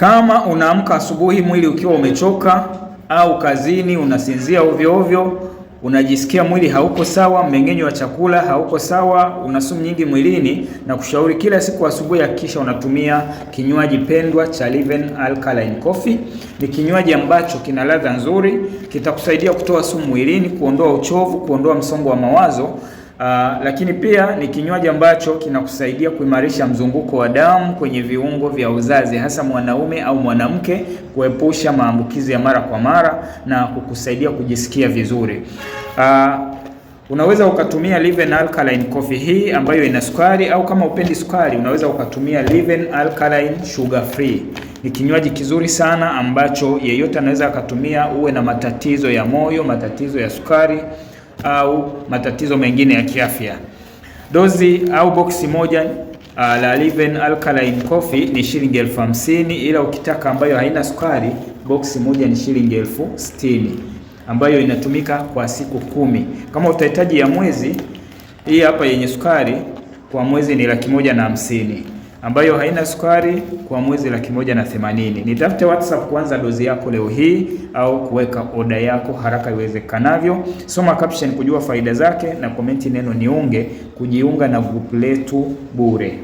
Kama unaamka asubuhi mwili ukiwa umechoka, au kazini unasinzia ovyo ovyo, unajisikia mwili hauko sawa, mmeng'enyo wa chakula hauko sawa, una sumu nyingi mwilini, na kushauri kila siku asubuhi hakikisha unatumia kinywaji pendwa cha Liven Alkaline Coffee. Ni kinywaji ambacho kina ladha nzuri, kitakusaidia kutoa sumu mwilini, kuondoa uchovu, kuondoa msongo wa mawazo Uh, lakini pia ni kinywaji ambacho kinakusaidia kuimarisha mzunguko wa damu kwenye viungo vya uzazi hasa mwanaume au mwanamke, kuepusha maambukizi ya mara kwa mara na kukusaidia kujisikia vizuri. Uh, unaweza ukatumia Liven Alkaline Coffee hii ambayo ina sukari, au kama upendi sukari unaweza ukatumia Liven Alkaline Sugar Free. Ni kinywaji kizuri sana ambacho yeyote anaweza akatumia, uwe na matatizo ya moyo, matatizo ya sukari au matatizo mengine ya kiafya. Dozi au boksi moja uh, la Liven Alkaline Coffee ni shilingi elfu hamsini ila ukitaka ambayo haina sukari, boksi moja ni shilingi elfu sitini ambayo inatumika kwa siku kumi. Kama utahitaji ya mwezi, hii hapa yenye sukari kwa mwezi ni laki moja na hamsini ambayo haina sukari kwa mwezi laki moja na themanini. Nitafute WhatsApp kwanza dozi yako leo hii au kuweka oda yako haraka iwezekanavyo. Soma caption kujua faida zake na komenti neno niunge kujiunga na grupu letu bure.